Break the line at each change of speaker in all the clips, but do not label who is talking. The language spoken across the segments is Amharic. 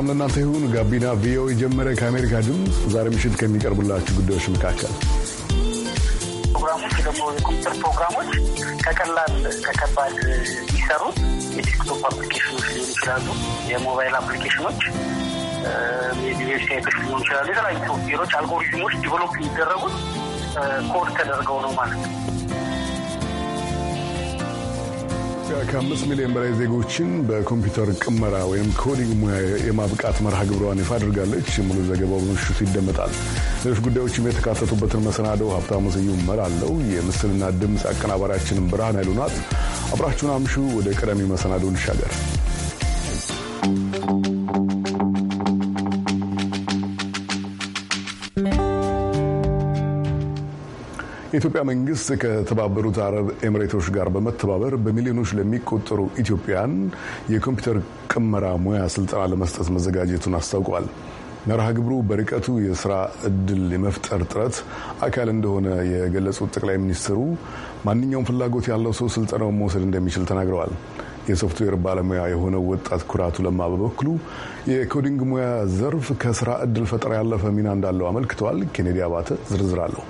ሰላም ለእናንተ ይሁን። ጋቢና ቪኦኤ ጀመረ። ከአሜሪካ ድምፅ ዛሬ ምሽት ከሚቀርቡላችሁ ጉዳዮች መካከል
ፕሮግራሞች ደግሞ የኮምፒውተር ፕሮግራሞች ከቀላል ከከባድ የሚሰሩት የዴስክቶፕ አፕሊኬሽኖች ሊሆን ይችላሉ። የሞባይል አፕሊኬሽኖች ሜቢ ዌብሳይቶች ሊሆኑ ይችላሉ። የተለያዩ ሶፍትዌሮች፣ አልጎሪዝሞች ዲቨሎፕ የሚደረጉት ኮድ ተደርገው ነው ማለት ነው።
በኢትዮጵያ ከአምስት ሚሊዮን በላይ ዜጎችን በኮምፒውተር ቅመራ ወይም ኮዲንግ ሙያ የማብቃት መርሃ ግብሯን ይፋ አድርጋለች። ሙሉ ዘገባው በምሽቱ ይደመጣል። ሌሎች ጉዳዮችም የተካተቱበትን መሰናደው ሀብታሙ ስዩም አለው የምስልና ድምፅ አቀናባሪያችንን ብርሃን አይሉ አብራችሁን አምሹ። ወደ ቀዳሚ መሰናደው እንሻገር። የኢትዮጵያ መንግስት ከተባበሩት አረብ ኤምሬቶች ጋር በመተባበር በሚሊዮኖች ለሚቆጠሩ ኢትዮጵያን የኮምፒውተር ቅመራ ሙያ ስልጠና ለመስጠት መዘጋጀቱን አስታውቋል። መርሃ ግብሩ በርቀቱ የስራ እድል የመፍጠር ጥረት አካል እንደሆነ የገለጹት ጠቅላይ ሚኒስትሩ ማንኛውም ፍላጎት ያለው ሰው ስልጠናውን መውሰድ እንደሚችል ተናግረዋል። የሶፍትዌር ባለሙያ የሆነው ወጣት ኩራቱ ለማ በበኩሉ የኮዲንግ ሙያ ዘርፍ ከስራ እድል ፈጠራ ያለፈ ሚና እንዳለው አመልክተዋል። ኬኔዲ አባተ ዝርዝር አለው።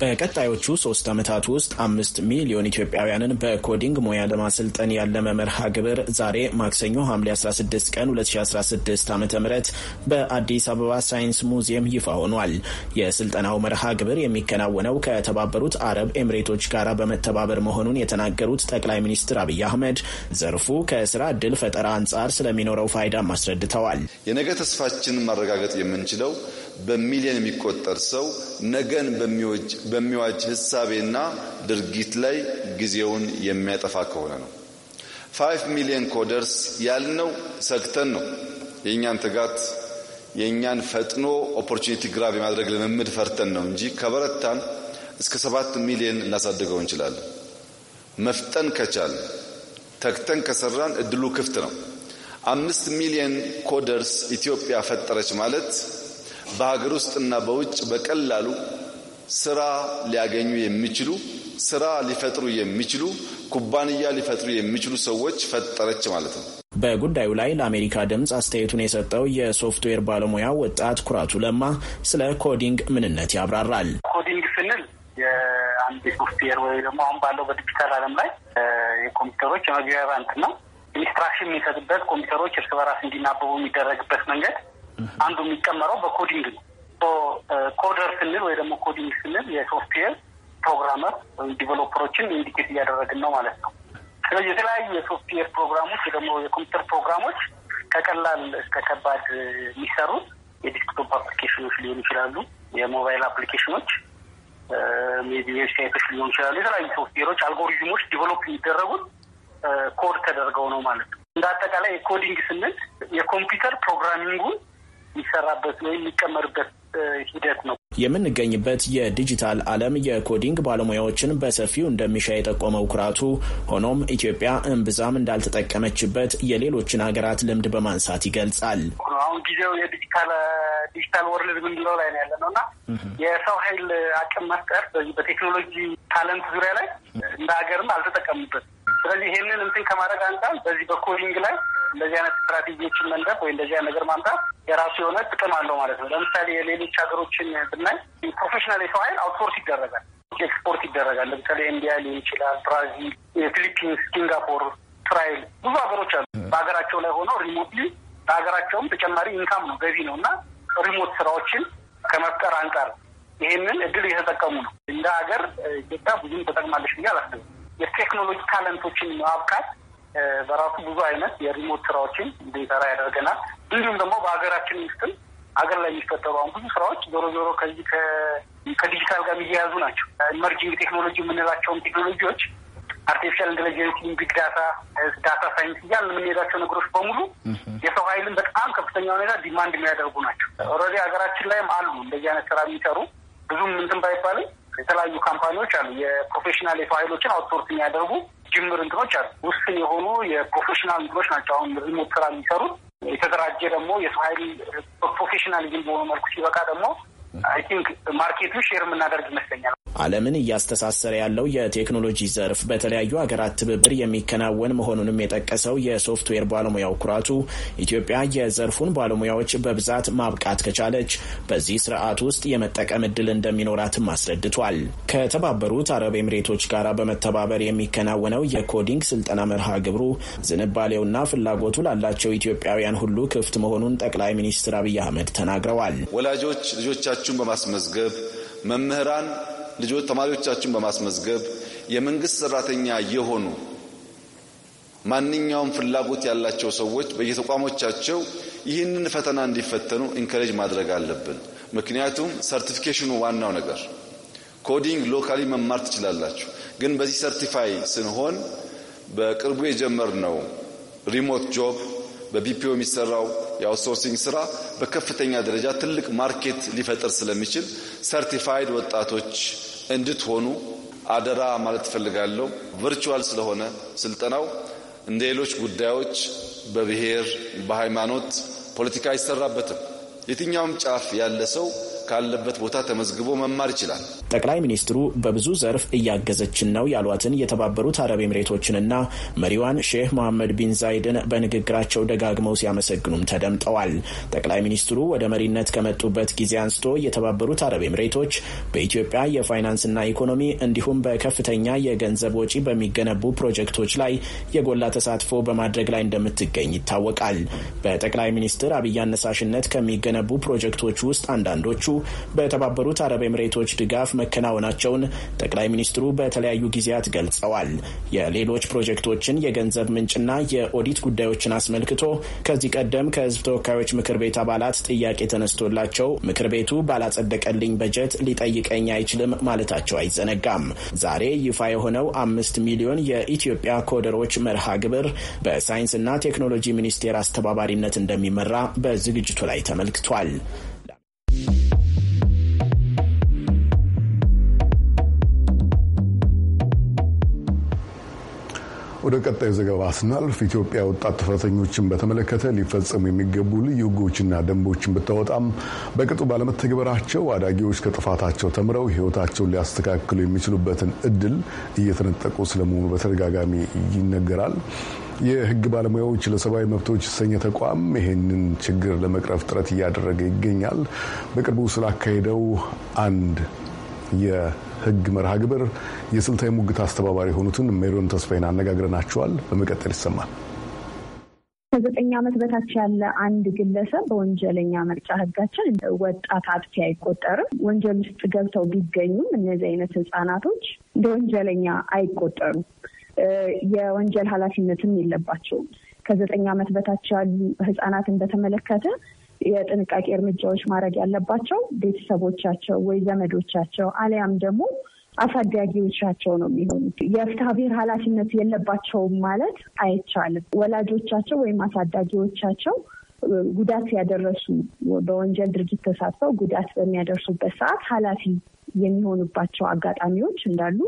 በቀጣዮቹ ሶስት ዓመታት ውስጥ አምስት ሚሊዮን ኢትዮጵያውያንን በኮዲንግ ሙያ ለማሰልጠን ያለመ መርሃ ግብር ዛሬ ማክሰኞ ሐምሌ 16 ቀን 2016 ዓ ም በአዲስ አበባ ሳይንስ ሙዚየም ይፋ ሆኗል። የስልጠናው መርሃ ግብር የሚከናወነው ከተባበሩት አረብ ኤምሬቶች ጋር በመተባበር መሆኑን የተናገሩት ጠቅላይ ሚኒስትር አብይ አህመድ ዘርፉ ከስራ ዕድል ፈጠራ አንጻር
ስለሚኖረው ፋይዳም አስረድተዋል። የነገ ተስፋችን ማረጋገጥ የምንችለው በሚሊዮን የሚቆጠር ሰው ነገን በሚዋጅ ህሳቤና ድርጊት ላይ ጊዜውን የሚያጠፋ ከሆነ ነው። ፋይቭ ሚሊዮን ኮደርስ ያልነው ሰግተን ነው። የእኛን ትጋት የእኛን ፈጥኖ ኦፖርቹኒቲ ግራብ የማድረግ ልምምድ ፈርተን ነው እንጂ ከበረታን እስከ ሰባት ሚሊዮን እናሳድገው እንችላለን። መፍጠን ከቻል ተግተን ከሰራን እድሉ ክፍት ነው። አምስት ሚሊዮን ኮደርስ ኢትዮጵያ ፈጠረች ማለት በሀገር ውስጥና በውጭ በቀላሉ ስራ ሊያገኙ የሚችሉ ስራ ሊፈጥሩ የሚችሉ ኩባንያ ሊፈጥሩ የሚችሉ ሰዎች ፈጠረች ማለት ነው። በጉዳዩ
ላይ ለአሜሪካ ድምፅ አስተያየቱን የሰጠው የሶፍትዌር ባለሙያ ወጣት ኩራቱ ለማ ስለ ኮዲንግ ምንነት ያብራራል።
ኮዲንግ ስንል የአንድ ሶፍትዌር ወይ ደግሞ አሁን ባለው በዲጂታል ዓለም ላይ የኮምፒውተሮች የመግቢያ ባንክ ነው። ኢንስትራክሽን የሚሰጥበት ኮምፒውተሮች እርስ በራስ እንዲናበቡ የሚደረግበት መንገድ አንዱ የሚቀመረው በኮዲንግ ነው። ኮደር ስንል ወይ ደግሞ ኮዲንግ ስንል የሶፍትዌር ፕሮግራመር ወይም ዲቨሎፐሮችን ኢንዲኬት እያደረግን ነው ማለት ነው። ስለዚህ የተለያዩ የሶፍትዌር ፕሮግራሞች ወይ ደግሞ የኮምፒውተር ፕሮግራሞች ከቀላል እስከ ከባድ የሚሰሩ የዲስክቶፕ አፕሊኬሽኖች ሊሆኑ ይችላሉ። የሞባይል አፕሊኬሽኖች ሜቢ ዌብሳይቶች ሊሆኑ ይችላሉ። የተለያዩ ሶፍትዌሮች፣ አልጎሪዝሞች ዲቨሎፕ የሚደረጉት ኮድ ተደርገው ነው ማለት ነው። እንደ አጠቃላይ የኮዲንግ ስንል የኮምፒውተር ፕሮግራሚንጉን የሚሰራበት ወይም የሚቀመርበት
ሂደት ነው። የምንገኝበት የዲጂታል ዓለም የኮዲንግ ባለሙያዎችን በሰፊው እንደሚሻ የጠቆመው ኩራቱ፣ ሆኖም ኢትዮጵያ እምብዛም እንዳልተጠቀመችበት የሌሎችን ሀገራት ልምድ በማንሳት ይገልጻል።
አሁን ጊዜው የዲጂታል ዲጂታል ወርልድ ምንለው ላይ ነው ያለ ነው እና የሰው ኃይል አቅም መፍጠር በዚህ በቴክኖሎጂ ታለንት ዙሪያ ላይ እንደ ሀገርም አልተጠቀሙበት። ስለዚህ ይህንን እንትን ከማድረግ አንጻር በዚህ በኮዲንግ ላይ እንደዚህ አይነት ስትራቴጂዎችን መንደፍ ወይ እንደዚህ ነገር ማምጣት የራሱ የሆነ ጥቅም አለው ማለት ነው። ለምሳሌ የሌሎች ሀገሮችን ብናይ ፕሮፌሽናል የሰው ኃይል አውትሶርስ ይደረጋል፣ ኤክስፖርት ይደረጋል። ለምሳሌ ኢንዲያ ሊሆን ይችላል፣ ብራዚል፣ ፊሊፒንስ፣ ሲንጋፖር፣ እስራኤል ብዙ ሀገሮች አሉ። በሀገራቸው ላይ ሆነው ሪሞትሊ ለሀገራቸውም ተጨማሪ ኢንካም ነው ገቢ ነው እና ሪሞት ስራዎችን ከመፍጠር አንጻር ይህንን እድል እየተጠቀሙ ነው። እንደ ሀገር ኢትዮጵያ ብዙም ተጠቅማለች ብዬ አላስብም። የቴክኖሎጂ ታለንቶችን ማብቃት በራሱ ብዙ አይነት የሪሞት ስራዎችን እንዲሰራ ያደርገናል። እንዲሁም ደግሞ በሀገራችን ውስጥም ሀገር ላይ የሚፈጠሩ አሁን ብዙ ስራዎች ዞሮ ዞሮ ከዚህ ከዲጂታል ጋር የሚያያዙ ናቸው። ኢመርጂንግ ቴክኖሎጂ የምንላቸውን ቴክኖሎጂዎች አርቲፊሻል ኢንቴሊጀንስ፣ ቢግ ዳታ፣ ዳታ ሳይንስ እያል የምንሄዳቸው ነገሮች በሙሉ የሰው ኃይልን በጣም ከፍተኛ ሁኔታ ዲማንድ የሚያደርጉ ናቸው። ኦልሬዲ ሀገራችን ላይም አሉ እንደዚህ አይነት ስራ የሚሰሩ ብዙም ምንትን ባይባልም የተለያዩ ካምፓኒዎች አሉ የፕሮፌሽናል የሰው ኃይሎችን አውትሶርስ የሚያደርጉ ጅምር እንትኖች አሉ። ውስን የሆኑ የፕሮፌሽናል እንትኖች ናቸው። አሁን ሪሞት ስራ የሚሰሩት የተደራጀ ደግሞ የሰው ኃይል ፕሮፌሽናሊዝም በሆነ መልኩ ሲበቃ ደግሞ አይ ቲንክ ማርኬቱ ሼር የምናደርግ ይመስለኛል።
ዓለምን እያስተሳሰረ ያለው የቴክኖሎጂ ዘርፍ በተለያዩ ሀገራት ትብብር የሚከናወን መሆኑንም የጠቀሰው የሶፍትዌር ባለሙያው ኩራቱ ኢትዮጵያ የዘርፉን ባለሙያዎች በብዛት ማብቃት ከቻለች በዚህ ስርዓት ውስጥ የመጠቀም እድል እንደሚኖራትም አስረድቷል። ከተባበሩት አረብ ኤምሬቶች ጋር በመተባበር የሚከናወነው የኮዲንግ ስልጠና መርሃ ግብሩ ዝንባሌውና ፍላጎቱ ላላቸው ኢትዮጵያውያን ሁሉ ክፍት መሆኑን ጠቅላይ ሚኒስትር አብይ አህመድ ተናግረዋል።
ወላጆች ልጆቻ ልጆቻችሁን በማስመዝገብ መምህራን ልጆች ተማሪዎቻችሁን በማስመዝገብ የመንግስት ሰራተኛ የሆኑ ማንኛውም ፍላጎት ያላቸው ሰዎች በየተቋሞቻቸው ይህንን ፈተና እንዲፈተኑ ኢንከሬጅ ማድረግ አለብን። ምክንያቱም ሰርቲፊኬሽኑ ዋናው ነገር ኮዲንግ ሎካሊ መማር ትችላላችሁ፣ ግን በዚህ ሰርቲፋይ ስንሆን በቅርቡ የጀመርነው ሪሞት ጆብ በቢፒኦ የሚሰራው የአውትሶርሲንግ ስራ በከፍተኛ ደረጃ ትልቅ ማርኬት ሊፈጥር ስለሚችል ሰርቲፋይድ ወጣቶች እንድትሆኑ አደራ ማለት እፈልጋለሁ። ቨርቹዋል ስለሆነ ስልጠናው እንደ ሌሎች ጉዳዮች በብሔር በሃይማኖት ፖለቲካ አይሰራበትም። የትኛውም ጫፍ ያለ ሰው ካለበት ቦታ ተመዝግቦ መማር ይችላል።
ጠቅላይ ሚኒስትሩ በብዙ ዘርፍ እያገዘችን ነው ያሏትን የተባበሩት አረብ ኤምሬቶችንና መሪዋን ሼህ መሐመድ ቢን ዛይድን በንግግራቸው ደጋግመው ሲያመሰግኑም ተደምጠዋል። ጠቅላይ ሚኒስትሩ ወደ መሪነት ከመጡበት ጊዜ አንስቶ የተባበሩት አረብ ኤምሬቶች በኢትዮጵያ የፋይናንስና ኢኮኖሚ እንዲሁም በከፍተኛ የገንዘብ ወጪ በሚገነቡ ፕሮጀክቶች ላይ የጎላ ተሳትፎ በማድረግ ላይ እንደምትገኝ ይታወቃል። በጠቅላይ ሚኒስትር አብይ አነሳሽነት ከሚገነቡ ፕሮጀክቶች ውስጥ አንዳንዶቹ በተባበሩት አረብ ኤምሬቶች ድጋፍ መከናወናቸውን ጠቅላይ ሚኒስትሩ በተለያዩ ጊዜያት ገልጸዋል። የሌሎች ፕሮጀክቶችን የገንዘብ ምንጭና የኦዲት ጉዳዮችን አስመልክቶ ከዚህ ቀደም ከህዝብ ተወካዮች ምክር ቤት አባላት ጥያቄ ተነስቶላቸው ምክር ቤቱ ባላጸደቀልኝ በጀት ሊጠይቀኝ አይችልም ማለታቸው አይዘነጋም። ዛሬ ይፋ የሆነው አምስት ሚሊዮን የኢትዮጵያ ኮደሮች መርሃ ግብር በሳይንስና ቴክኖሎጂ ሚኒስቴር አስተባባሪነት እንደሚመራ በዝግጅቱ ላይ ተመልክቷል።
ወደ ቀጣዩ ዘገባ ስናልፍ ኢትዮጵያ ወጣት ጥፋተኞችን በተመለከተ ሊፈጸሙ የሚገቡ ልዩ ሕጎችና ደንቦችን ብታወጣም በቅጡ ባለመተግበራቸው አዳጊዎች ከጥፋታቸው ተምረው ሕይወታቸውን ሊያስተካክሉ የሚችሉበትን እድል እየተነጠቁ ስለመሆኑ በተደጋጋሚ ይነገራል። የህግ ባለሙያዎች ለሰብአዊ መብቶች የተሰኘ ተቋም ይህንን ችግር ለመቅረፍ ጥረት እያደረገ ይገኛል። በቅርቡ ስላካሄደው አንድ የህግ መርሃ ግብር የስልታዊ ሙግት አስተባባሪ የሆኑትን ሜሮን ተስፋዬን አነጋግረናቸዋል። በመቀጠል ይሰማል።
ከዘጠኝ ዓመት በታች ያለ አንድ ግለሰብ በወንጀለኛ መቅጫ ህጋችን ወጣት አጥፊ አይቆጠርም። ወንጀል ውስጥ ገብተው ቢገኙም እነዚህ አይነት ህጻናቶች እንደ ወንጀለኛ አይቆጠሩም። የወንጀል ኃላፊነትም የለባቸውም። ከዘጠኝ ዓመት በታች ያሉ ህጻናትን በተመለከተ የጥንቃቄ እርምጃዎች ማድረግ ያለባቸው ቤተሰቦቻቸው ወይ ዘመዶቻቸው አሊያም ደግሞ አሳዳጊዎቻቸው ነው የሚሆኑት። የፍትሐ ብሔር ኃላፊነት የለባቸውም ማለት አይቻልም። ወላጆቻቸው ወይም አሳዳጊዎቻቸው ጉዳት ያደረሱ በወንጀል ድርጊት ተሳትፈው ጉዳት በሚያደርሱበት ሰዓት ኃላፊ የሚሆኑባቸው አጋጣሚዎች እንዳሉ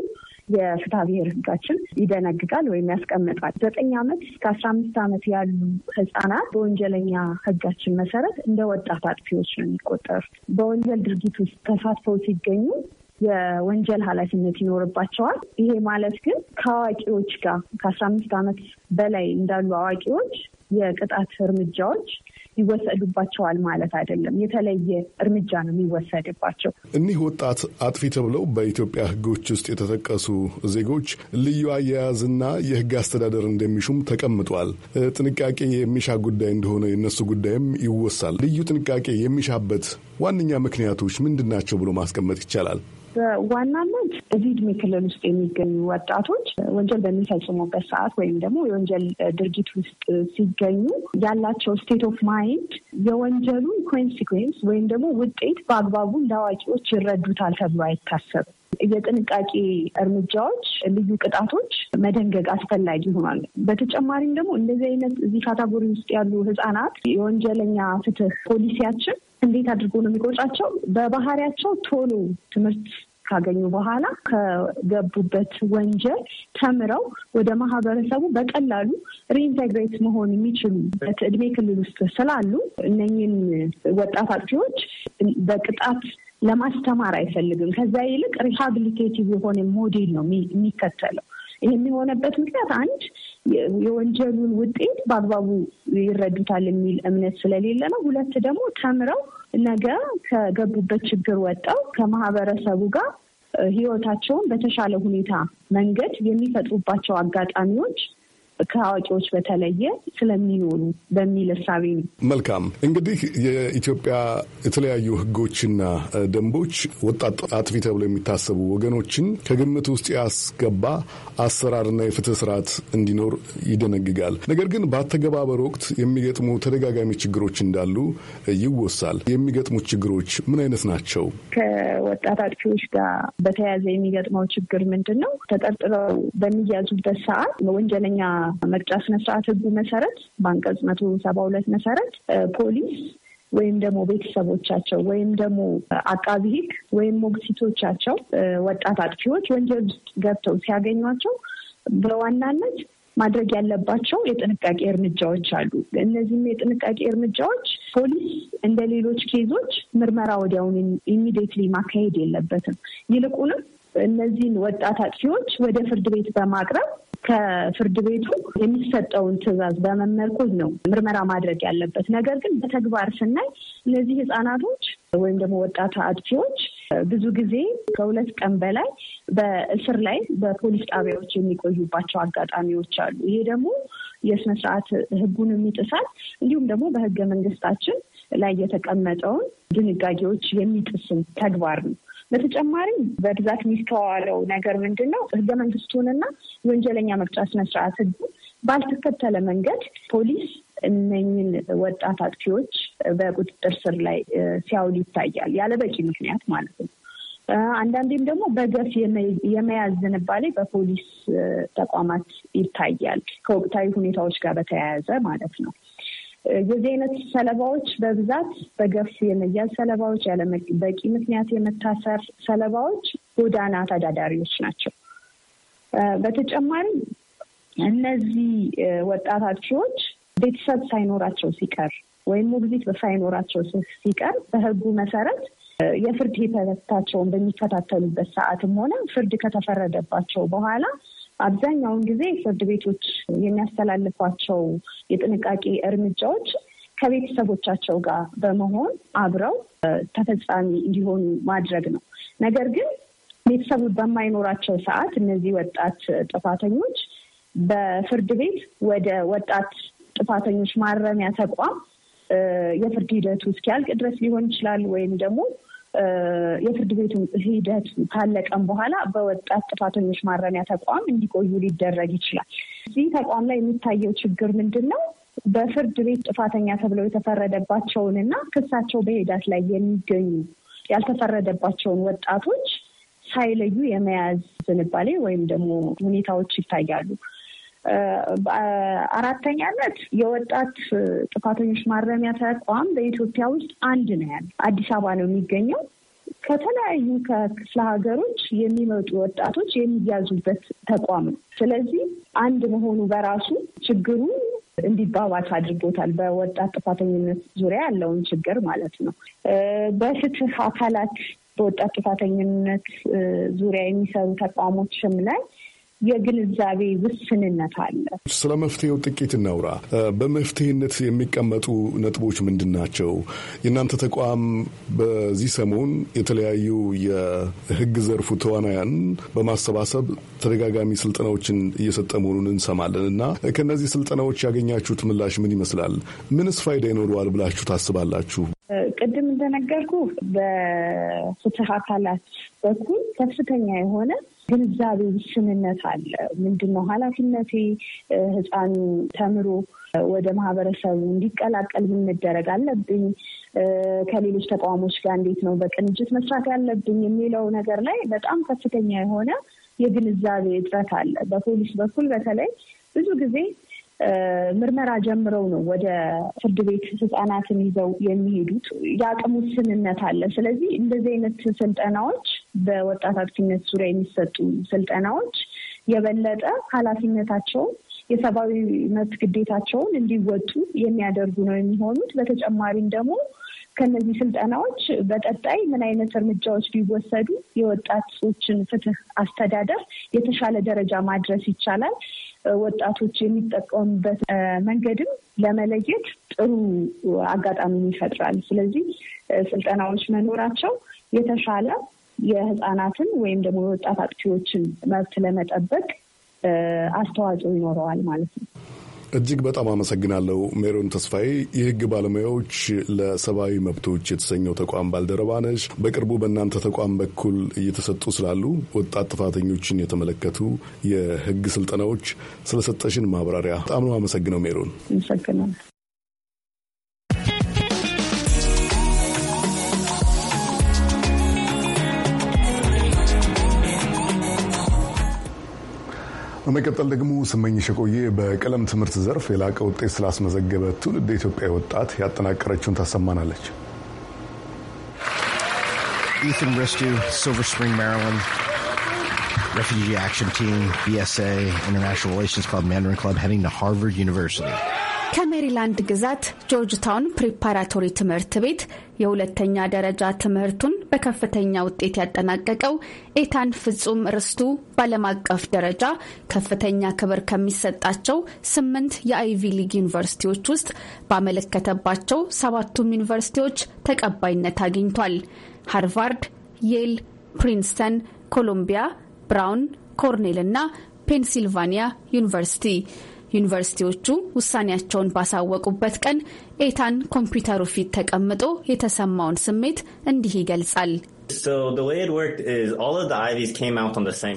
የፍትሐ ብሔር ህጋችን ይደነግጋል ወይም ያስቀምጣል። ዘጠኝ ዓመት እስከ አስራ አምስት ዓመት ያሉ ህጻናት በወንጀለኛ ህጋችን መሰረት እንደ ወጣት አጥፊዎች ነው የሚቆጠሩት። በወንጀል ድርጊት ውስጥ ተሳትፈው ሲገኙ የወንጀል ኃላፊነት ይኖርባቸዋል። ይሄ ማለት ግን ከአዋቂዎች ጋር ከአስራ አምስት ዓመት በላይ እንዳሉ አዋቂዎች የቅጣት እርምጃዎች ይወሰዱባቸዋል ማለት አይደለም። የተለየ እርምጃ ነው የሚወሰድባቸው።
እኒህ ወጣት አጥፊ ተብለው በኢትዮጵያ ሕጎች ውስጥ የተጠቀሱ ዜጎች ልዩ አያያዝና የሕግ አስተዳደር እንደሚሹም ተቀምጧል። ጥንቃቄ የሚሻ ጉዳይ እንደሆነ የነሱ ጉዳይም ይወሳል። ልዩ ጥንቃቄ የሚሻበት ዋነኛ ምክንያቶች ምንድን ናቸው ብሎ ማስቀመጥ ይቻላል?
በዋናነት እዚህ እድሜ ክልል ውስጥ የሚገኙ ወጣቶች ወንጀል በሚፈጽሙበት ሰዓት ወይም ደግሞ የወንጀል ድርጊት ውስጥ ሲገኙ ያላቸው ስቴት ኦፍ ማይንድ የወንጀሉን ኮንሲኩዌንስ ወይም ደግሞ ውጤት በአግባቡ ለአዋቂዎች ይረዱታል ተብሎ አይታሰብም። የጥንቃቄ እርምጃዎች፣ ልዩ ቅጣቶች መደንገግ አስፈላጊ ይሆናል። በተጨማሪም ደግሞ እንደዚህ አይነት እዚህ ካታጎሪ ውስጥ ያሉ ህጻናት የወንጀለኛ ፍትህ ፖሊሲያችን እንዴት አድርጎ ነው የሚቆጫቸው? በባህሪያቸው ቶሎ ትምህርት ካገኙ በኋላ ከገቡበት ወንጀል ተምረው ወደ ማህበረሰቡ በቀላሉ ሪኢንቴግሬት መሆን የሚችሉበት እድሜ ክልል ውስጥ ስላሉ እነኝን ወጣት አጥፊዎች በቅጣት ለማስተማር አይፈልግም። ከዛ ይልቅ ሪሃብሊቴቲቭ የሆነ ሞዴል ነው የሚከተለው። ይህ የሚሆነበት ምክንያት አንድ የወንጀሉን ውጤት በአግባቡ ይረዱታል የሚል እምነት ስለሌለ ነው። ሁለት ደግሞ ተምረው ነገ ከገቡበት ችግር ወጠው ከማህበረሰቡ ጋር ህይወታቸውን በተሻለ ሁኔታ መንገድ የሚፈጥሩባቸው አጋጣሚዎች ከአዋቂዎች በተለየ ስለሚኖሩ በሚል እሳቤ ነው።
መልካም እንግዲህ የኢትዮጵያ የተለያዩ ህጎችና ደንቦች ወጣት አጥፊ ተብሎ የሚታሰቡ ወገኖችን ከግምት ውስጥ ያስገባ አሰራርና የፍትህ ስርዓት እንዲኖር ይደነግጋል። ነገር ግን በአተገባበር ወቅት የሚገጥሙ ተደጋጋሚ ችግሮች እንዳሉ ይወሳል። የሚገጥሙት ችግሮች ምን አይነት ናቸው?
ከወጣት አጥፊዎች ጋር በተያያዘ የሚገጥመው ችግር ምንድን ነው? ተጠርጥረው በሚያዙበት ሰዓት ወንጀለኛ መቅጫ ስነስርዓት ህጉ መሰረት በአንቀጽ መቶ ሰባ ሁለት መሰረት ፖሊስ ወይም ደግሞ ቤተሰቦቻቸው ወይም ደግሞ አቃቢ ህግ ወይም ሞግሲቶቻቸው ወጣት አጥፊዎች ወንጀል ውስጥ ገብተው ሲያገኟቸው በዋናነት ማድረግ ያለባቸው የጥንቃቄ እርምጃዎች አሉ። እነዚህም የጥንቃቄ እርምጃዎች ፖሊስ እንደ ሌሎች ኬዞች ምርመራ ወዲያውን ኢሚዲየትሊ ማካሄድ የለበትም። ይልቁንም እነዚህን ወጣት አጥፊዎች ወደ ፍርድ ቤት በማቅረብ ከፍርድ ቤቱ የሚሰጠውን ትዕዛዝ በመመርኮዝ ነው ምርመራ ማድረግ ያለበት። ነገር ግን በተግባር ስናይ እነዚህ ህጻናቶች ወይም ደግሞ ወጣት አጥፊዎች ብዙ ጊዜ ከሁለት ቀን በላይ በእስር ላይ በፖሊስ ጣቢያዎች የሚቆዩባቸው አጋጣሚዎች አሉ። ይሄ ደግሞ የስነ ስርዓት ህጉን የሚጥሳል እንዲሁም ደግሞ በህገ መንግስታችን ላይ የተቀመጠውን ድንጋጌዎች የሚጥስም ተግባር ነው። በተጨማሪም በብዛት የሚስተዋለው ነገር ምንድን ነው? ህገ መንግስቱንና የወንጀለኛ መቅጫ ስነስርዓት ህጉ ባልተከተለ መንገድ ፖሊስ እነኝን ወጣት አጥፊዎች በቁጥጥር ስር ላይ ሲያውል ይታያል፣ ያለ በቂ ምክንያት ማለት ነው። አንዳንዴም ደግሞ በገፍ የመያዝ ዝንባሌ በፖሊስ ተቋማት ይታያል፣ ከወቅታዊ ሁኔታዎች ጋር በተያያዘ ማለት ነው። የዚህ አይነት ሰለባዎች በብዛት በገፍ የመያዝ ሰለባዎች፣ በቂ ምክንያት የመታሰር ሰለባዎች ጎዳና ተዳዳሪዎች ናቸው። በተጨማሪም እነዚህ ወጣት አጥፊዎች ቤተሰብ ሳይኖራቸው ሲቀር ወይም ሞግዚት ሳይኖራቸው ሲቀር በሕጉ መሰረት የፍርድ ሂደታቸውን በሚከታተሉበት ሰዓትም ሆነ ፍርድ ከተፈረደባቸው በኋላ አብዛኛውን ጊዜ ፍርድ ቤቶች የሚያስተላልፏቸው የጥንቃቄ እርምጃዎች ከቤተሰቦቻቸው ጋር በመሆን አብረው ተፈጻሚ እንዲሆኑ ማድረግ ነው። ነገር ግን ቤተሰቡ በማይኖራቸው ሰዓት እነዚህ ወጣት ጥፋተኞች በፍርድ ቤት ወደ ወጣት ጥፋተኞች ማረሚያ ተቋም የፍርድ ሂደቱ እስኪያልቅ ድረስ ሊሆን ይችላል ወይም ደግሞ የፍርድ ቤቱ ሂደት ካለቀም በኋላ በወጣት ጥፋተኞች ማረሚያ ተቋም እንዲቆዩ ሊደረግ ይችላል። እዚህ ተቋም ላይ የሚታየው ችግር ምንድን ነው? በፍርድ ቤት ጥፋተኛ ተብለው የተፈረደባቸውንና ክሳቸው በሂደት ላይ የሚገኙ ያልተፈረደባቸውን ወጣቶች ሳይለዩ የመያዝ ዝንባሌ ወይም ደግሞ ሁኔታዎች ይታያሉ። አራተኛነት የወጣት ጥፋተኞች ማረሚያ ተቋም በኢትዮጵያ ውስጥ አንድ ነው ያለ አዲስ አበባ ነው የሚገኘው። ከተለያዩ ከክፍለ ሀገሮች የሚመጡ ወጣቶች የሚያዙበት ተቋም ነው። ስለዚህ አንድ መሆኑ በራሱ ችግሩ እንዲባባስ አድርጎታል። በወጣት ጥፋተኝነት ዙሪያ ያለውን ችግር ማለት ነው። በፍትህ አካላት በወጣት ጥፋተኝነት ዙሪያ የሚሰሩ ተቋሞችም ላይ የግንዛቤ ውስንነት አለ።
ስለ መፍትሄው ጥቂት እናውራ። በመፍትሄነት የሚቀመጡ ነጥቦች ምንድን ናቸው? የእናንተ ተቋም በዚህ ሰሞን የተለያዩ የህግ ዘርፉ ተዋናያን በማሰባሰብ ተደጋጋሚ ስልጠናዎችን እየሰጠ መሆኑን እንሰማለን እና ከእነዚህ ስልጠናዎች ያገኛችሁት ምላሽ ምን ይመስላል? ምንስ ፋይዳ ይኖረዋል ብላችሁ ታስባላችሁ?
ቅድም እንደነገርኩ በፍትህ አካላት በኩል ከፍተኛ የሆነ ግንዛቤ ውስንነት አለ። ምንድን ነው ኃላፊነቴ ህፃን ተምሮ ወደ ማህበረሰቡ እንዲቀላቀል ምን መደረግ አለብኝ፣ ከሌሎች ተቋሞች ጋር እንዴት ነው በቅንጅት መስራት ያለብኝ የሚለው ነገር ላይ በጣም ከፍተኛ የሆነ የግንዛቤ እጥረት አለ። በፖሊስ በኩል በተለይ ብዙ ጊዜ ምርመራ ጀምረው ነው ወደ ፍርድ ቤት ህጻናትን ይዘው የሚሄዱት። የአቅም ውስንነት አለ። ስለዚህ እንደዚህ አይነት ስልጠናዎች በወጣት አጥፊነት ዙሪያ የሚሰጡ ስልጠናዎች የበለጠ ኃላፊነታቸውን የሰብአዊ መብት ግዴታቸውን እንዲወጡ የሚያደርጉ ነው የሚሆኑት። በተጨማሪም ደግሞ ከነዚህ ስልጠናዎች በቀጣይ ምን አይነት እርምጃዎች ቢወሰዱ የወጣቶችን ፍትህ አስተዳደር የተሻለ ደረጃ ማድረስ ይቻላል፣ ወጣቶች የሚጠቀሙበት መንገድም ለመለየት ጥሩ አጋጣሚ ይፈጥራል። ስለዚህ ስልጠናዎች መኖራቸው የተሻለ የህፃናትን ወይም ደግሞ የወጣት አጥፊዎችን መብት ለመጠበቅ አስተዋጽኦ ይኖረዋል ማለት ነው።
እጅግ በጣም አመሰግናለሁ ሜሮን ተስፋዬ። የህግ ባለሙያዎች ለሰብአዊ መብቶች የተሰኘው ተቋም ባልደረባ ነሽ። በቅርቡ በእናንተ ተቋም በኩል እየተሰጡ ስላሉ ወጣት ጥፋተኞችን የተመለከቱ የህግ ስልጠናዎች ስለሰጠሽን ማብራሪያ በጣም ነው አመሰግነው ሜሮን። በመቀጠል ደግሞ ስመኝሽ የቆየ በቀለም ትምህርት ዘርፍ የላቀ ውጤት ስላስመዘገበ ትውልድ ኢትዮጵያ ወጣት ያጠናቀረችውን ታሰማናለች።
ኢትን ሪስቱ ሲልቨር ስፕሪንግ ሜሪላንድ ሬፊጂ አክሽን ቲም ቢኤስኤ ኢንተርናሽናል ዩኒቨርሲቲ
ከሜሪላንድ ግዛት ጆርጅታውን ፕሪፓራቶሪ ትምህርት ቤት የሁለተኛ ደረጃ ትምህርቱን በከፍተኛ ውጤት ያጠናቀቀው ኤታን ፍጹም ርስቱ በዓለም አቀፍ ደረጃ ከፍተኛ ክብር ከሚሰጣቸው ስምንት የአይቪ ሊግ ዩኒቨርሲቲዎች ውስጥ ባመለከተባቸው ሰባቱም ዩኒቨርሲቲዎች ተቀባይነት አግኝቷል። ሃርቫርድ፣ ዬል፣ ፕሪንስተን፣ ኮሎምቢያ፣ ብራውን፣ ኮርኔል እና ፔንሲልቫኒያ ዩኒቨርሲቲ ዩኒቨርሲቲዎቹ ውሳኔያቸውን ባሳወቁበት ቀን ኤታን ኮምፒውተሩ ፊት ተቀምጦ የተሰማውን ስሜት እንዲህ ይገልጻል።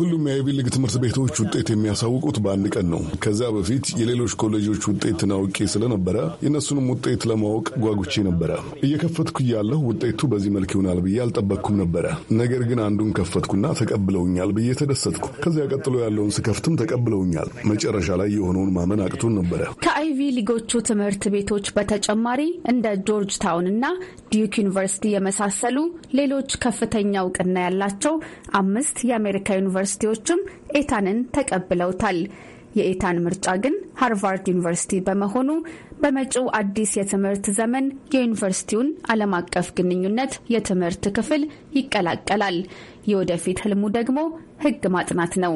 ሁሉም የአይቪ ሊግ ትምህርት ቤቶች ውጤት የሚያሳውቁት በአንድ ቀን ነው። ከዚያ በፊት የሌሎች ኮሌጆች ውጤትን አውቄ ስለነበረ የእነሱንም ውጤት ለማወቅ ጓጉቼ ነበረ። እየከፈትኩ እያለሁ ውጤቱ በዚህ መልክ ይሆናል ብዬ አልጠበቅኩም ነበረ። ነገር ግን አንዱን ከፈትኩና ተቀብለውኛል ብዬ ተደሰትኩ። ከዚያ ቀጥሎ ያለውን ስከፍትም ተቀብለውኛል። መጨረሻ ላይ የሆነውን ማመን አቅቶን ነበረ።
ከአይቪ ሊጎቹ ትምህርት ቤቶች በተጨማሪ እንደ ጆርጅ ታውን እና ዲዩክ ዩኒቨርሲቲ የመሳሰሉ ሌሎች ከፍ ከፍተኛ እውቅና ያላቸው አምስት የአሜሪካ ዩኒቨርሲቲዎችም ኤታንን ተቀብለውታል። የኤታን ምርጫ ግን ሃርቫርድ ዩኒቨርሲቲ በመሆኑ በመጪው አዲስ የትምህርት ዘመን የዩኒቨርሲቲውን ዓለም አቀፍ ግንኙነት የትምህርት ክፍል ይቀላቀላል። የወደፊት ህልሙ ደግሞ ህግ ማጥናት ነው።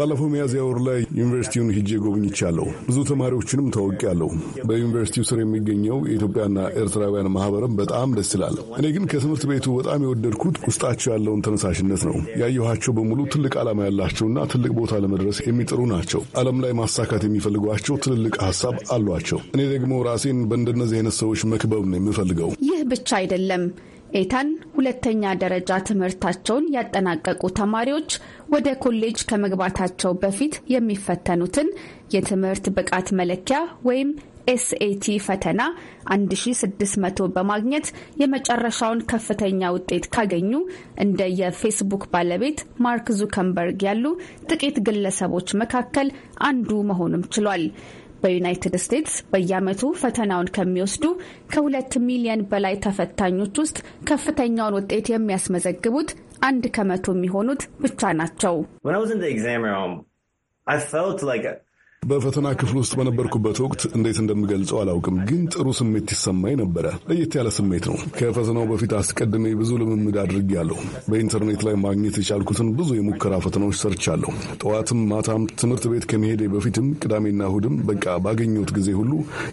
ባለፈው ሚያዝያ ወር ላይ ዩኒቨርሲቲውን ሂጄ ጎብኝቻለሁ። ብዙ ተማሪዎችንም ታውቂያለሁ። በዩኒቨርሲቲው ስር የሚገኘው የኢትዮጵያና ኤርትራውያን ማህበርም በጣም ደስ ይላል። እኔ ግን ከትምህርት ቤቱ በጣም የወደድኩት ውስጣቸው ያለውን ተነሳሽነት ነው። ያየኋቸው በሙሉ ትልቅ ዓላማ ያላቸውና ትልቅ ቦታ ለመድረስ የሚጥሩ ናቸው። ዓለም ላይ ማሳካት የሚፈልጓቸው ትልልቅ ሀሳብ አሏቸው። እኔ ደግሞ ራሴን በእንደነዚህ አይነት ሰዎች መክበብ ነው የምፈልገው።
ይህ ብቻ አይደለም። ኤታን ሁለተኛ ደረጃ ትምህርታቸውን ያጠናቀቁ ተማሪዎች ወደ ኮሌጅ ከመግባታቸው በፊት የሚፈተኑትን የትምህርት ብቃት መለኪያ ወይም ኤስኤቲ ፈተና 1600 በማግኘት የመጨረሻውን ከፍተኛ ውጤት ካገኙ እንደ የፌስቡክ ባለቤት ማርክ ዙከንበርግ ያሉ ጥቂት ግለሰቦች መካከል አንዱ መሆኑም ችሏል። በዩናይትድ ስቴትስ በየዓመቱ ፈተናውን ከሚወስዱ ከሁለት ሚሊየን በላይ ተፈታኞች ውስጥ ከፍተኛውን ውጤት የሚያስመዘግቡት አንድ ከመቶ የሚሆኑት ብቻ ናቸው።
በፈተና ክፍል ውስጥ በነበርኩበት ወቅት እንዴት እንደምገልጸው አላውቅም፣ ግን ጥሩ ስሜት ይሰማኝ ነበረ። ለየት ያለ ስሜት ነው። ከፈተናው በፊት አስቀድሜ ብዙ ልምምድ አድርጌያለሁ። በኢንተርኔት ላይ ማግኘት የቻልኩትን ብዙ የሙከራ ፈተናዎች ሰርቻለሁ። ጠዋትም ማታም፣ ትምህርት ቤት ከመሄዴ በፊትም፣ ቅዳሜና እሁድም፣ በቃ ባገኘሁት ጊዜ ሁሉ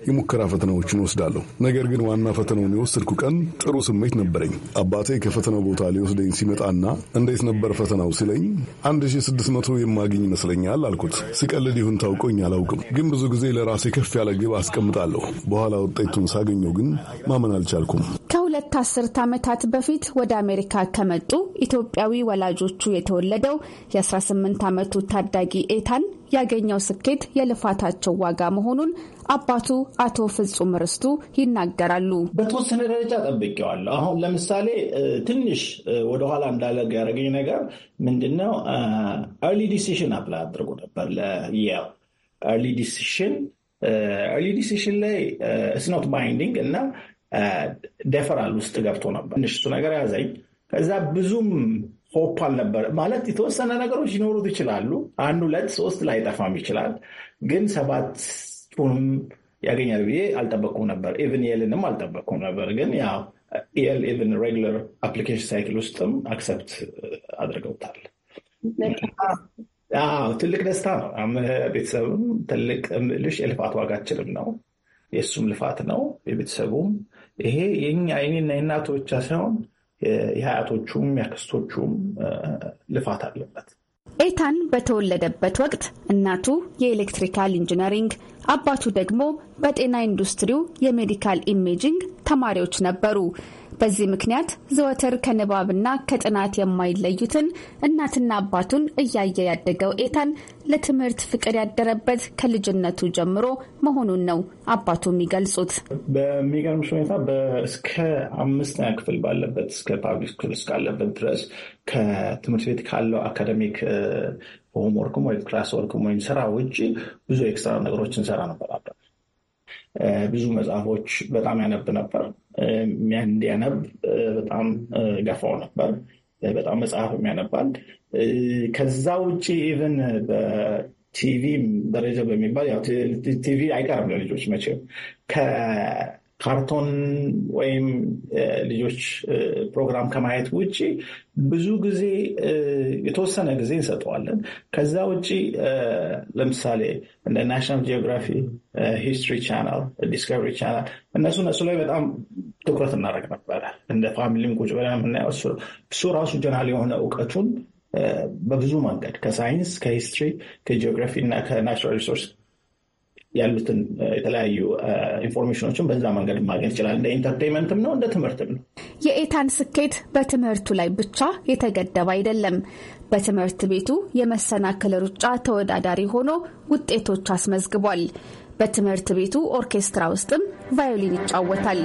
የሙከራ ፈተናዎችን ወስዳለሁ። ነገር ግን ዋና ፈተናውን የወሰድኩ ቀን ጥሩ ስሜት ነበረኝ። አባቴ ከፈተናው ቦታ ሊወስደኝ ሲመጣና እንዴት ነበር ፈተናው ሲለኝ 1600 የማግኝ ይመስለኛል አልኩት። ስቀልድ ይሁን ታውቆኝ ገጥሞኝ አላውቅም፣ ግን ብዙ ጊዜ ለራሴ ከፍ ያለ ግብ አስቀምጣለሁ። በኋላ ውጤቱን ሳገኘው ግን ማመን አልቻልኩም።
ከሁለት አስርት ዓመታት በፊት ወደ አሜሪካ ከመጡ ኢትዮጵያዊ ወላጆቹ የተወለደው የ18 ዓመቱ ታዳጊ ኤታን ያገኘው ስኬት የልፋታቸው ዋጋ መሆኑን አባቱ አቶ ፍጹም ርስቱ ይናገራሉ። በተወሰነ
ደረጃ ጠብቄዋለሁ። አሁን ለምሳሌ ትንሽ ወደኋላ እንዳለግ ያደረገኝ ነገር ምንድነው? ኤርሊ ዲሲሽን አፕላይ አድርጎ ነበር ለየው ኤርሊ ዲሲሽን ኤርሊ ዲሲሽን ላይ ስኖት uh, ባይንዲንግ እና ደፈራል uh, ውስጥ ገብቶ ነበር። ትንሽ እሱ ነገር ያዘኝ። ከዛ ብዙም ሆፕ አልነበረ ማለት የተወሰነ ነገሮች ሊኖሩት ይችላሉ። አንድ ሁለት ሶስት ላይ ጠፋም ይችላል፣ ግን ሰባቱንም ያገኛል ብዬ አልጠበቅኩም ነበር። ኢቭን የልንም አልጠበቅኩም ነበር። ግን ያው ኤል ኢቭን ሬግለር አፕሊኬሽን ሳይክል ውስጥም አክሰፕት uh, አድርገውታል። ትልቅ ደስታ ነው። ቤተሰብም ትልቅ ልሽ የልፋት ዋጋችንም ነው። የእሱም ልፋት ነው፣ የቤተሰቡም ይሄ የኛ የኔና የእናቱ ብቻ ሳይሆን የሀያቶቹም የአክስቶቹም ልፋት አለበት።
ኤታን በተወለደበት ወቅት እናቱ የኤሌክትሪካል ኢንጂነሪንግ፣ አባቱ ደግሞ በጤና ኢንዱስትሪው የሜዲካል ኢሜጂንግ ተማሪዎች ነበሩ። በዚህ ምክንያት ዘወትር ከንባብና ከጥናት የማይለዩትን እናትና አባቱን እያየ ያደገው ኤታን ለትምህርት ፍቅር ያደረበት ከልጅነቱ ጀምሮ መሆኑን ነው አባቱ የሚገልጹት።
በሚገርምሽ ሁኔታ እስከ አምስተኛ ክፍል ባለበት እስከ ፓብሊክ ስኩል እስካለበት ድረስ ከትምህርት ቤት ካለው አካደሚክ ሆምወርክም ወይም ክላስ ወርክም ወይም ስራ ውጭ ብዙ ኤክስትራ ነገሮች እንሰራ ነበር። ብዙ መጽሐፎች በጣም ያነብ ነበር። እንዲያነብ በጣም ገፋው ነበር። በጣም መጽሐፍ የሚያነባል። ከዛ ውጭ ኢቨን በቲቪ ደረጃ በሚባል ቲቪ አይቀርም ለልጆች መቼም ካርቶን ወይም ልጆች ፕሮግራም ከማየት ውጭ ብዙ ጊዜ የተወሰነ ጊዜ እንሰጠዋለን። ከዛ ውጭ ለምሳሌ እንደ ናሽናል ጂኦግራፊ፣ ሂስትሪ ቻናል፣ ዲስከቨሪ ቻናል እነሱ እነሱ ላይ በጣም ትኩረት እናደርግ ነበረ። እንደ ፋሚሊም ቁጭ ብላ የምናየው እሱ ራሱ ጀነራል የሆነ እውቀቱን በብዙ መንገድ ከሳይንስ፣ ከሂስትሪ፣ ከጂኦግራፊ እና ከናቹራል ሪሶርስ ያሉትን የተለያዩ ኢንፎርሜሽኖችን በዛ መንገድ ማግኘት ይችላል። እንደ ኢንተርቴንመንትም ነው፣ እንደ ትምህርትም ነው።
የኤታን ስኬት በትምህርቱ ላይ ብቻ የተገደበ አይደለም። በትምህርት ቤቱ የመሰናክል ሩጫ ተወዳዳሪ ሆኖ ውጤቶች አስመዝግቧል። በትምህርት ቤቱ ኦርኬስትራ ውስጥም ቫዮሊን ይጫወታል።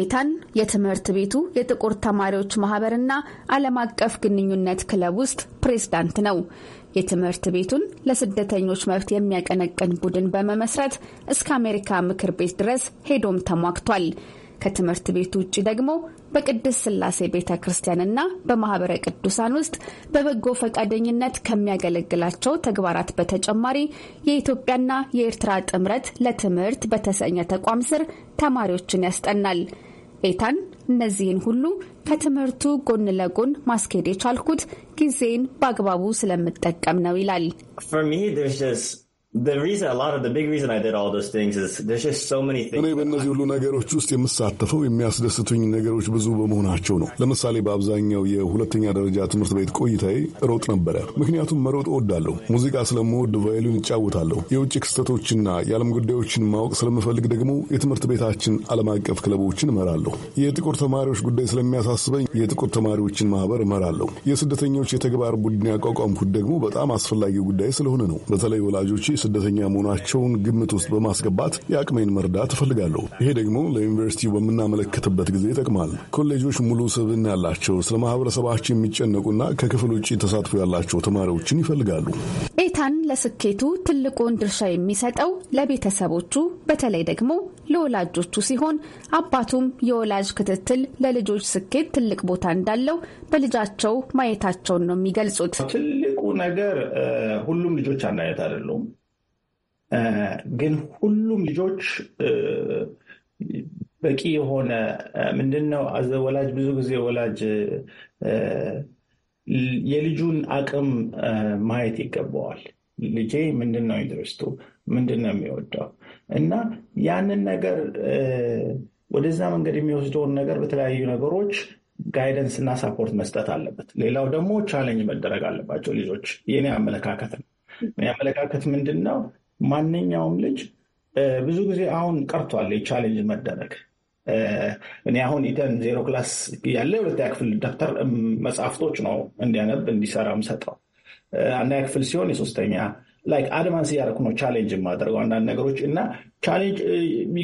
ኤታን የትምህርት ቤቱ የጥቁር ተማሪዎች ማህበርና ዓለም አቀፍ ግንኙነት ክለብ ውስጥ ፕሬዝዳንት ነው። የትምህርት ቤቱን ለስደተኞች መብት የሚያቀነቅን ቡድን በመመስረት እስከ አሜሪካ ምክር ቤት ድረስ ሄዶም ተሟግቷል። ከትምህርት ቤቱ ውጭ ደግሞ በቅድስት ስላሴ ቤተ ክርስቲያንና በማህበረ ቅዱሳን ውስጥ በበጎ ፈቃደኝነት ከሚያገለግላቸው ተግባራት በተጨማሪ የኢትዮጵያና የኤርትራ ጥምረት ለትምህርት በተሰኘ ተቋም ስር ተማሪዎችን ያስጠናል። ኤታን እነዚህን ሁሉ ከትምህርቱ ጎን ለጎን ማስኬድ የቻልኩት ጊዜን በአግባቡ ስለምጠቀም
ነው ይላል። እኔ በእነዚህ ሁሉ ነገሮች ውስጥ የምሳተፈው የሚያስደስቱኝ ነገሮች ብዙ በመሆናቸው ነው። ለምሳሌ በአብዛኛው የሁለተኛ ደረጃ ትምህርት ቤት ቆይታዬ ሮጥ ነበረ፣ ምክንያቱም መሮጥ እወዳለሁ። ሙዚቃ ስለምወድ ቫዮሊን እጫወታለሁ። የውጭ ክስተቶችና የዓለም ጉዳዮችን ማወቅ ስለምፈልግ ደግሞ የትምህርት ቤታችን ዓለም አቀፍ ክለቦችን እመራለሁ። የጥቁር ተማሪዎች ጉዳይ ስለሚያሳስበኝ የጥቁር ተማሪዎችን ማህበር እመራለሁ። የስደተኞች የተግባር ቡድን ያቋቋምኩት ደግሞ በጣም አስፈላጊ ጉዳይ ስለሆነ ነው። በተለይ ወላጆች ስደተኛ መሆናቸውን ግምት ውስጥ በማስገባት የአቅሜን መርዳት እፈልጋለሁ። ይሄ ደግሞ ለዩኒቨርሲቲው በምናመለክትበት ጊዜ ይጠቅማል። ኮሌጆች ሙሉ ስብዕና ያላቸው ስለ ማህበረሰባቸው የሚጨነቁና ከክፍል ውጭ ተሳትፎ ያላቸው ተማሪዎችን ይፈልጋሉ።
ኤታን ለስኬቱ ትልቁን ድርሻ የሚሰጠው ለቤተሰቦቹ በተለይ ደግሞ ለወላጆቹ ሲሆን አባቱም የወላጅ ክትትል ለልጆች ስኬት ትልቅ ቦታ እንዳለው በልጃቸው ማየታቸውን ነው የሚገልጹት። ትልቁ
ነገር ሁሉም ልጆች አንድ አይነት አይደሉም። ግን ሁሉም ልጆች በቂ የሆነ ምንድን ነው ወላጅ ብዙ ጊዜ ወላጅ የልጁን አቅም ማየት ይገባዋል። ልጄ ምንድን ነው ኢንትረስቱ፣ ምንድን ነው የሚወደው እና ያንን ነገር ወደዛ መንገድ የሚወስደውን ነገር በተለያዩ ነገሮች ጋይደንስ እና ሳፖርት መስጠት አለበት። ሌላው ደግሞ ቻለንጅ መደረግ አለባቸው ልጆች። የኔ አመለካከት ነው። አመለካከት ምንድን ነው ማንኛውም ልጅ ብዙ ጊዜ አሁን ቀርቷል የቻሌንጅ መደረግ። እኔ አሁን ኢተን ዜሮ ክላስ ያለ ሁለተኛ ክፍል ደብተር መጽሐፍቶች ነው እንዲያነብ እንዲሰራ ሰጠው አንደኛ ክፍል ሲሆን የሶስተኛ ላይክ አድቫንስ እያደረኩ ነው ቻሌንጅ የማደርገው አንዳንድ ነገሮች እና ቻሌንጅ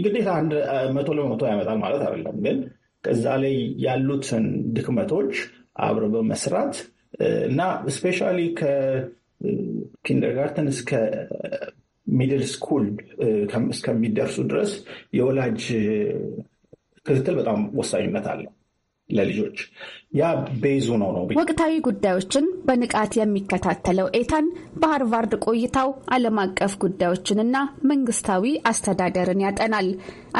ግዴታ አንድ መቶ ለመቶ ያመጣል ማለት አይደለም፣ ግን ከዛ ላይ ያሉትን ድክመቶች አብረ በመስራት እና ስፔሻሊ ከኪንደርጋርተን እስከ ሚድል ስኩል እስከሚደርሱ ድረስ የወላጅ ክትትል በጣም ወሳኝነት አለው ለልጆች ያ ቤዙ ነው ነው።
ወቅታዊ ጉዳዮችን በንቃት የሚከታተለው ኤታን በሃርቫርድ ቆይታው ዓለም አቀፍ ጉዳዮችንና መንግስታዊ አስተዳደርን ያጠናል።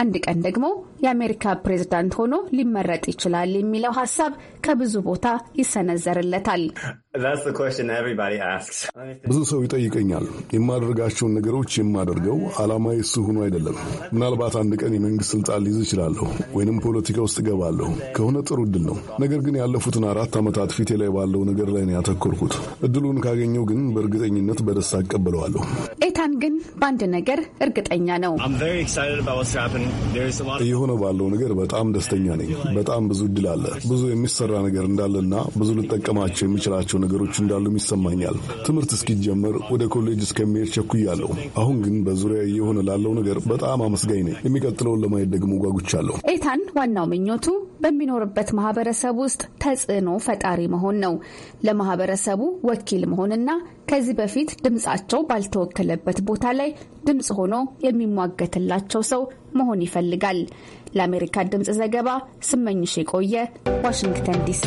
አንድ ቀን ደግሞ የአሜሪካ ፕሬዝዳንት ሆኖ ሊመረጥ ይችላል የሚለው ሀሳብ ከብዙ ቦታ ይሰነዘርለታል።
ብዙ ሰው ይጠይቀኛል። የማደርጋቸውን ነገሮች የማደርገው ዓላማዬ የሱ ሆኖ አይደለም። ምናልባት አንድ ቀን የመንግስት ስልጣን ሊይዝ እችላለሁ ወይንም ፖለቲካ ውስጥ እገባለሁ ከሆነ ጥሩ እድል ነው። ነገር ግን ያለፉትን አራት ዓመታት ፊቴ ላይ ባለው ነገር ላይ ነው ያተኮርኩት። እድሉን ካገኘው ግን በእርግጥ በእርግጠኝነት በደስታ አቀብለዋለሁ።
ኤታን ግን በአንድ ነገር እርግጠኛ ነው።
እየሆነ ባለው ነገር በጣም ደስተኛ ነኝ። በጣም ብዙ እድል አለ፣ ብዙ የሚሰራ ነገር እንዳለና ብዙ ልጠቀማቸው የሚችላቸው ነገሮች እንዳሉም ይሰማኛል። ትምህርት እስኪጀመር ወደ ኮሌጅ እስከሚሄድ ቸኩያለሁ። አሁን ግን በዙሪያ እየሆነ ላለው ነገር በጣም አመስጋኝ ነኝ። የሚቀጥለውን ለማየት ደግሞ ጓጉቻለሁ።
ኤታን ዋናው ምኞቱ በሚኖርበት ማህበረሰብ ውስጥ ተጽዕኖ ፈጣሪ መሆን ነው። ለማህበረሰቡ ወኪል መሆንና ከዚህ በፊት ድምፃቸው ባልተወከለበት ቦታ ላይ ድምፅ ሆኖ የሚሟገትላቸው ሰው መሆን ይፈልጋል። ለአሜሪካ ድምፅ ዘገባ ስመኝሽ የቆየ ዋሽንግተን ዲሲ።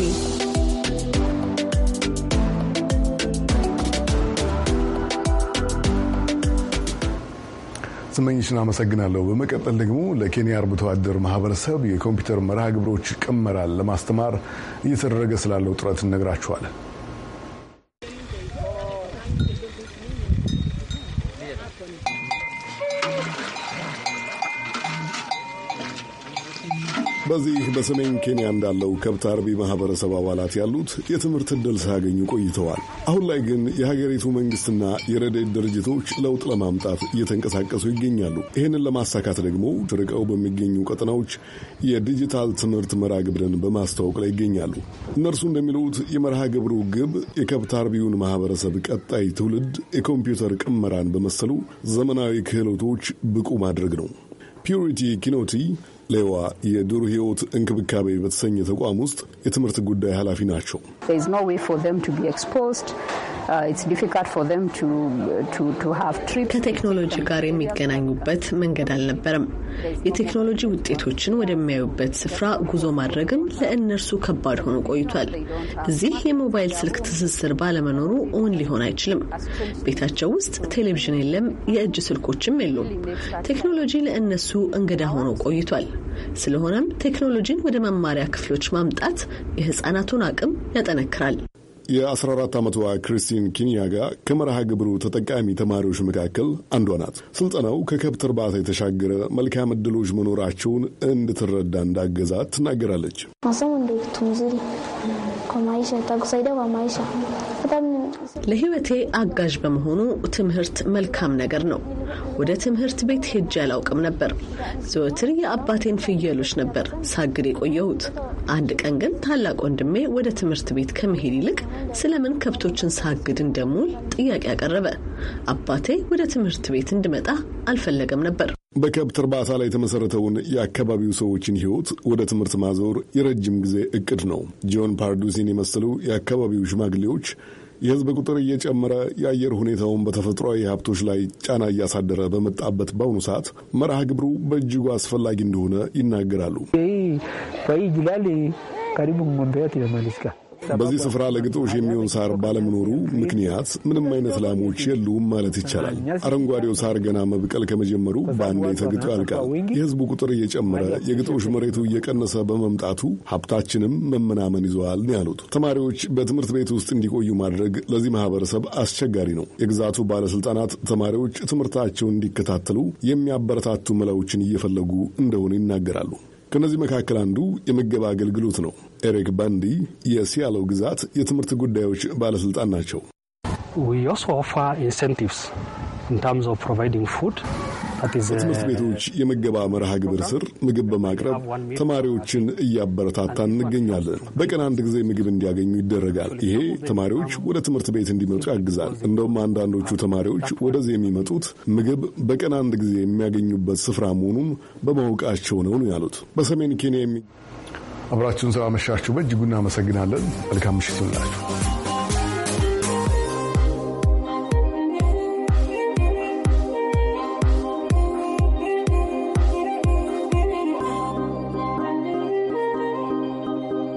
ስመኝሽን አመሰግናለሁ። በመቀጠል ደግሞ ለኬንያ አርብቶ አደር ማህበረሰብ የኮምፒውተር መርሃ ግብሮች ቅመራን ለማስተማር እየተደረገ ስላለው ጥረት እነግራችኋለን። በዚህ በሰሜን ኬንያ እንዳለው ከብት አርቢ ማህበረሰብ አባላት ያሉት የትምህርት ዕድል ሳያገኙ ቆይተዋል። አሁን ላይ ግን የሀገሪቱ መንግስትና የረድኤት ድርጅቶች ለውጥ ለማምጣት እየተንቀሳቀሱ ይገኛሉ። ይህንን ለማሳካት ደግሞ ርቀው በሚገኙ ቀጠናዎች የዲጂታል ትምህርት መርሃ ግብርን በማስተዋወቅ ላይ ይገኛሉ። እነርሱ እንደሚሉት የመርሃ ግብሩ ግብ የከብት አርቢውን ማህበረሰብ ቀጣይ ትውልድ የኮምፒውተር ቅመራን በመሰሉ ዘመናዊ ክህሎቶች ብቁ ማድረግ ነው። ፒዩሪቲ ኪኖቲ ሌዋ የዶሮ ሕይወት እንክብካቤ በተሰኘ ተቋም ውስጥ የትምህርት ጉዳይ ኃላፊ ናቸው።
Uh, uh, ከቴክኖሎጂ ጋር የሚገናኙበት መንገድ አልነበረም። የቴክኖሎጂ ውጤቶችን ወደሚያዩበት ስፍራ ጉዞ ማድረግም ለእነርሱ ከባድ ሆኖ ቆይቷል። እዚህ የሞባይል ስልክ ትስስር ባለመኖሩ እውን ሊሆን አይችልም። ቤታቸው ውስጥ ቴሌቪዥን የለም፣ የእጅ ስልኮችም የሉም። ቴክኖሎጂ ለእነሱ እንግዳ ሆኖ ቆይቷል። ስለሆነም ቴክኖሎጂን ወደ መማሪያ ክፍሎች ማምጣት
የህጻናቱን አቅም ያጠነክራል። የ14 ዓመቷ ክሪስቲን ኪንያጋ ከመርሃ ግብሩ ተጠቃሚ ተማሪዎች መካከል አንዷ ናት። ስልጠናው ከከብት እርባታ የተሻገረ መልካም ዕድሎች መኖራቸውን እንድትረዳ እንዳገዛት ትናገራለች። ለህይወቴ
አጋዥ በመሆኑ ትምህርት መልካም ነገር ነው። ወደ ትምህርት ቤት ሄጄ አላውቅም ነበር። ዘወትር የአባቴን ፍየሎች ነበር ሳግድ የቆየሁት። አንድ ቀን ግን ታላቅ ወንድሜ ወደ ትምህርት ቤት ከመሄድ ይልቅ ስለምን ከብቶችን ሳግድ እንደምውል ጥያቄ አቀረበ። አባቴ ወደ ትምህርት ቤት እንድመጣ አልፈለገም ነበር።
በከብት እርባታ ላይ የተመሠረተውን የአካባቢው ሰዎችን ሕይወት ወደ ትምህርት ማዞር የረጅም ጊዜ እቅድ ነው። ጆን ፓርዱሲን የመሰሉ የአካባቢው ሽማግሌዎች የህዝብ ቁጥር እየጨመረ የአየር ሁኔታውን በተፈጥሯዊ ሀብቶች ላይ ጫና እያሳደረ በመጣበት በአሁኑ ሰዓት መርሃ ግብሩ በእጅጉ አስፈላጊ እንደሆነ ይናገራሉ። በዚህ ስፍራ ለግጦሽ የሚሆን ሳር ባለመኖሩ ምክንያት ምንም አይነት ላሞች የሉም ማለት ይቻላል። አረንጓዴው ሳር ገና መብቀል ከመጀመሩ በአንዴ ተግጦ ያልቃል። የህዝቡ ቁጥር እየጨመረ የግጦሽ መሬቱ እየቀነሰ በመምጣቱ ሀብታችንም መመናመን ይዘዋል ያሉት። ተማሪዎች በትምህርት ቤት ውስጥ እንዲቆዩ ማድረግ ለዚህ ማህበረሰብ አስቸጋሪ ነው። የግዛቱ ባለስልጣናት ተማሪዎች ትምህርታቸውን እንዲከታተሉ የሚያበረታቱ መላዎችን እየፈለጉ እንደሆነ ይናገራሉ። ከእነዚህ መካከል አንዱ የምገባ አገልግሎት ነው። ኤሪክ ባንዲ የሲያለው ግዛት የትምህርት ጉዳዮች ባለስልጣን ናቸው። በትምህርት ቤቶች የምገባ መርሃ ግብር ስር ምግብ በማቅረብ ተማሪዎችን እያበረታታ እንገኛለን። በቀን አንድ ጊዜ ምግብ እንዲያገኙ ይደረጋል። ይሄ ተማሪዎች ወደ ትምህርት ቤት እንዲመጡ ያግዛል። እንደውም አንዳንዶቹ ተማሪዎች ወደዚህ የሚመጡት ምግብ በቀን አንድ ጊዜ የሚያገኙበት ስፍራ መሆኑም በማወቃቸው ነው ነው ያሉት። በሰሜን ኬንያ የሚ አብራችሁን ስላመሻችሁ በእጅጉ እናመሰግናለን። መልካም ምሽት ይሁንላችሁ።